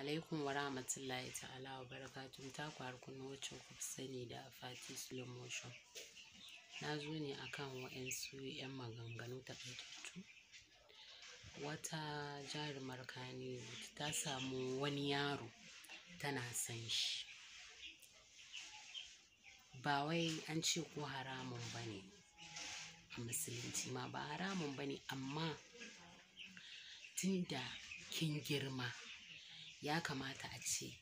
alaikum wa rahmatullahi ta'ala wa barakatun ta kwaru kuna wacce ku sani da Fati Slow Motion. Na zo ne akan wayansu 'yan maganganu ta takaitattu. Wata jarumar kani ta samu wani yaro tana san shi. Ba wai an ce ko haramun ba ne a musulunci ma ba haramun ba ne amma tun da kin girma ya kamata a ce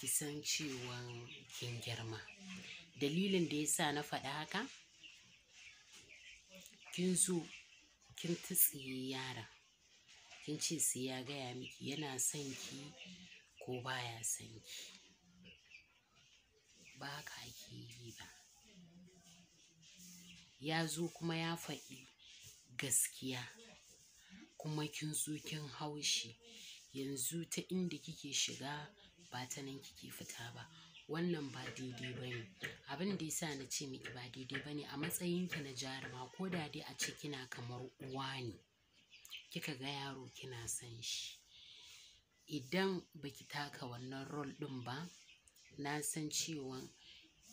ki san cewan kin girma dalilin da ya sa na faɗa haka kin zo kin tsaye yara kin ce su ya gaya miki yana son ki ko baya son ki ba ka yi ba ya zo kuma ya faɗi gaskiya kuma kin zo kin haushi yanzu ta inda kike shiga ba ta nan kike fita ba wannan ba daidai ba ne abin da ya sa na ce miki ba daidai ba ne a matsayinki na jaruma ko da dai a ce kina kamar uwa ne kika ga yaro kina son shi idan baki taka wannan rol ɗin ba na san cewa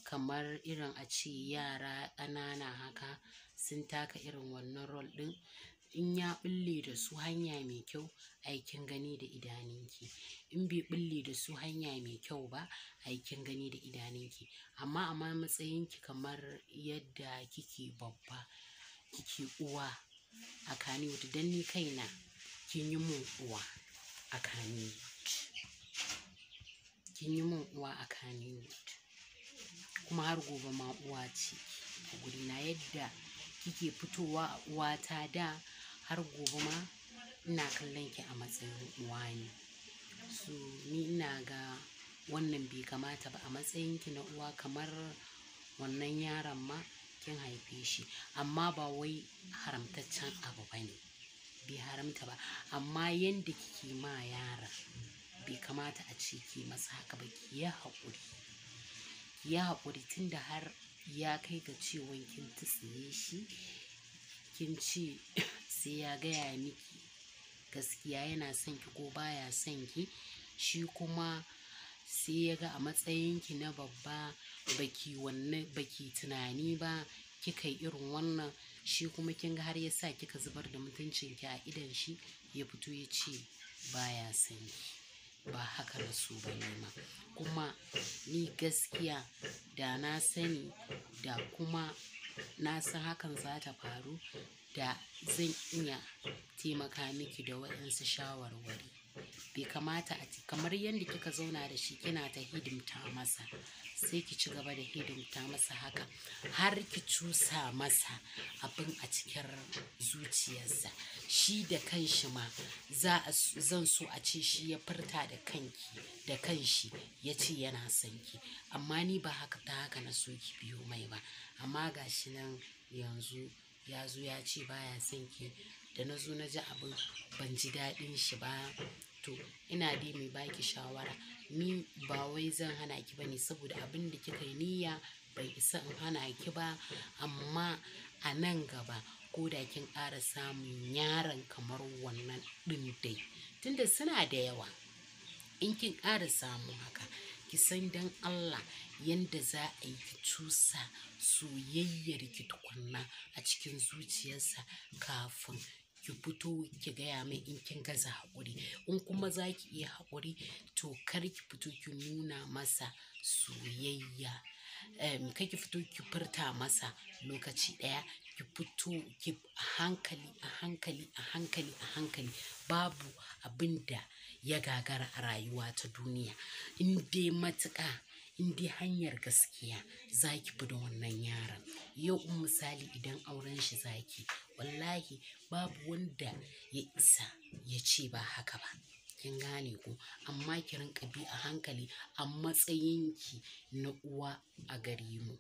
kamar irin a ce yara ƙanana haka sun taka irin wannan rol ɗin in ya bulle da su hanya mai kyau aikin gani da idaninki in bai bulle da su hanya mai kyau ba aikin gani da idaninki amma amma matsayinki kamar yadda kike babba kike uwa a kani wata don ni kaina kin yi mun uwa a kani kin yi mun uwa a kani kuma har gobe ma uwa ce a gurina yadda kike fitowa a ta da har gobe ma ina kallon ki a matsayin uwa ne so ni ina ga wannan bai kamata ba a matsayin ki na uwa kamar wannan yaron ma kin haife shi amma ba wai haramtaccen abu ba ne bai haramta ba amma yadda kike ma yaron bai kamata a ce ki masa haka ba ki yi haƙuri ya haƙuri tunda har ya kai ga cewan kin tutsiye shi kin ce sai ya gaya miki gaskiya yana son ki ko baya son ki shi kuma sai ya ga a matsayinki na babba baki wannan baki tunani ba kika yi irin wannan shi kuma kin ga har yasa kika zubar da mutuncin ki a idan shi ya fito ya ce baya son ki ba haka na so ba ma kuma ni gaskiya da na sani da kuma na san hakan za ta faru da zan iya taimaka miki da waɗansu shawarwari bai kamata a ci kamar yadda kika zauna da shi kina ta hidimta masa sai ki ci gaba da hidimta masa haka har ki cusa masa abin a cikin zuciyarsa shi da kanshi ma za zan so a ce shi ya furta da kanki da kanshi ya ce yana son ki amma ni ba haka ta haka na so ki biyo mai ba amma ga shi nan yanzu ya zo ya ce baya son ki da na zo na ji abin ban ji daɗin shi ba ina dai mai baki shawara ni ba wai zan hana ki bane saboda abin da kika yi niyya bai isa in hana ki ba amma a nan gaba ko da kin ƙara samun yaron kamar wannan ɗin dai tunda suna da yawa in kin ƙara samun haka ki san dan Allah yanda za a yi ki cusa soyayyar ki tukunna a cikin zuciyarsa kafin ki fito ki gaya mai in kin gaza haƙuri in kuma za ki iya haƙuri to kar ki fito ki nuna masa soyayya um, ki fito ki furta masa lokaci ɗaya ki fito ki a hankali a hankali a hankali a hankali babu abinda ya gagara a rayuwa ta duniya in dai matuƙa in dai hanyar gaskiya za ki bi da wannan yaron yau misali idan auren shi zaki wallahi babu wanda ya isa ya ce ba haka ba kin gane ko amma ki rinka bi a hankali a matsayinki na uwa a gare mu